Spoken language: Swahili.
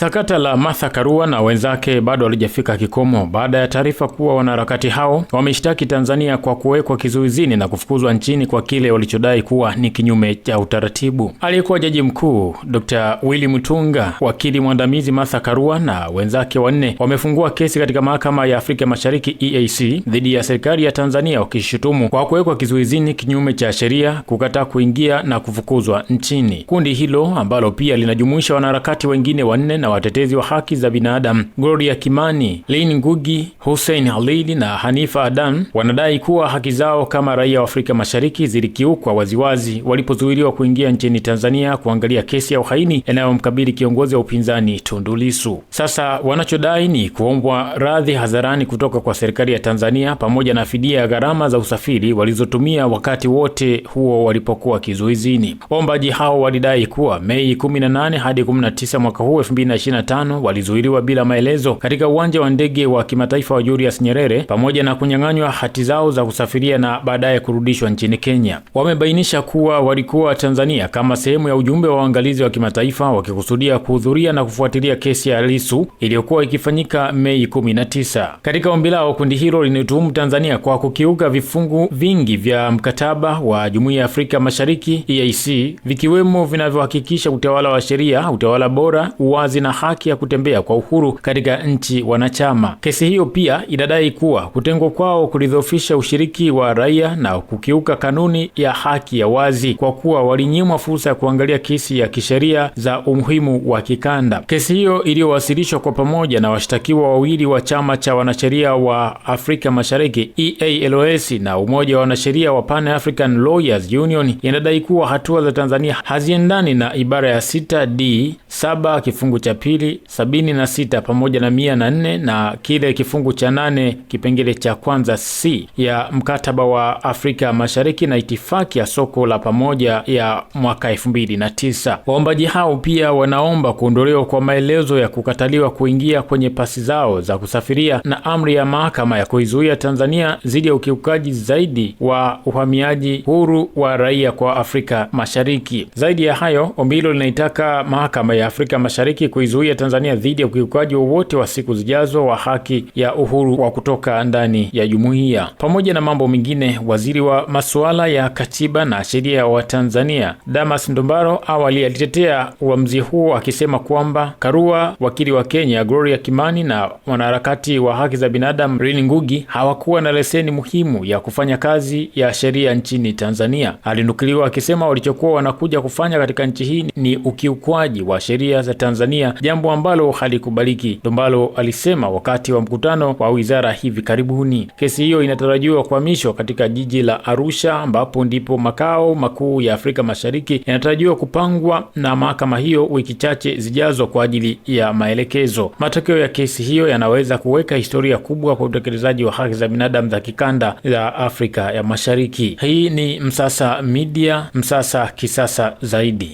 Sakata la Martha Karua na wenzake bado halijafika kikomo baada ya taarifa kuwa wanaharakati hao wameshtaki Tanzania kwa kuwekwa kizuizini na kufukuzwa nchini kwa kile walichodai kuwa ni kinyume cha utaratibu. Aliyekuwa jaji mkuu Dr. Willy Mutunga, wakili mwandamizi Martha Karua na wenzake wanne wamefungua kesi katika mahakama ya Afrika Mashariki EAC dhidi ya serikali ya Tanzania wakishutumu kwa kuwekwa kizuizini kinyume cha sheria, kukataa kuingia na kufukuzwa nchini. Kundi hilo ambalo pia linajumuisha wanaharakati wengine wanne na watetezi wa haki za binadamu Gloria Kimani, Lin Ngugi, Hussein Halili na Hanifa Adan wanadai kuwa haki zao kama raia wa Afrika Mashariki zilikiukwa waziwazi walipozuiliwa kuingia nchini Tanzania kuangalia kesi ya uhaini inayomkabili kiongozi wa upinzani Tundu Lissu. Sasa wanachodai ni kuombwa radhi hadharani kutoka kwa serikali ya Tanzania pamoja na fidia ya gharama za usafiri walizotumia wakati wote huo walipokuwa kizuizini. Waombaji hao walidai kuwa Mei 18 hadi 19 mwaka huu 25 walizuiliwa bila maelezo katika uwanja wa ndege wa kimataifa wa Julius Nyerere pamoja na kunyang'anywa hati zao za kusafiria na baadaye kurudishwa nchini Kenya. Wamebainisha kuwa walikuwa Tanzania kama sehemu ya ujumbe wa waangalizi wa kimataifa wakikusudia kuhudhuria na kufuatilia kesi ya Lissu iliyokuwa ikifanyika Mei 19. Katika ombi lao, kundi hilo linatuhumu Tanzania kwa kukiuka vifungu vingi vya mkataba wa Jumuiya ya Afrika Mashariki EAC, vikiwemo vinavyohakikisha utawala wa sheria, utawala bora, uwazi na haki ya kutembea kwa uhuru katika nchi wanachama. Kesi hiyo pia inadai kuwa kutengwa kwao kulidhoofisha ushiriki wa raia na kukiuka kanuni ya haki ya wazi, kwa kuwa walinyimwa fursa ya kuangalia kesi ya kisheria za umuhimu wa kikanda. Kesi hiyo iliyowasilishwa kwa pamoja na washtakiwa wawili wa chama cha wanasheria wa Afrika Mashariki EALOS na umoja wa wanasheria wa Pan African Lawyers Union inadai kuwa hatua za Tanzania haziendani na ibara ya 6 D saba kifungu cha pili sabini na sita pamoja na mia na nne na kile kifungu cha nane kipengele cha kwanza c ya mkataba wa Afrika Mashariki na itifaki ya soko la pamoja ya mwaka elfu mbili na tisa. Waombaji hao pia wanaomba kuondolewa kwa maelezo ya kukataliwa kuingia kwenye pasi zao za kusafiria na amri ya mahakama ya kuizuia Tanzania dhidi ya ukiukaji zaidi wa uhamiaji huru wa raia kwa Afrika Mashariki. Zaidi ya hayo, ombi hilo linaitaka mahakama ya Afrika Mashariki kuizuia Tanzania dhidi ya ukiukaji wowote wa siku zijazo wa haki ya uhuru wa kutoka ndani ya jumuiya. Pamoja na mambo mengine, waziri wa masuala ya katiba na sheria wa Tanzania Damas Ndumbaro awali alitetea uamuzi huo akisema kwamba Karua, wakili wa Kenya Gloria Kimani na mwanaharakati wa haki za binadamu Rini Ngugi hawakuwa na leseni muhimu ya kufanya kazi ya sheria nchini Tanzania. Alinukuliwa akisema walichokuwa wanakuja kufanya katika nchi hii ni ukiukwaji wa sheria sheria za Tanzania, jambo ambalo halikubaliki, Ndumbalo alisema wakati wa mkutano wa wizara hivi karibuni. Kesi hiyo inatarajiwa kuhamishwa katika jiji la Arusha, ambapo ndipo makao makuu ya Afrika Mashariki yanatarajiwa kupangwa na mahakama hiyo wiki chache zijazo kwa ajili ya maelekezo. Matokeo ya kesi hiyo yanaweza kuweka historia kubwa kwa utekelezaji wa haki za binadamu za kikanda za Afrika ya Mashariki. Hii ni Msasa Media, Msasa kisasa zaidi.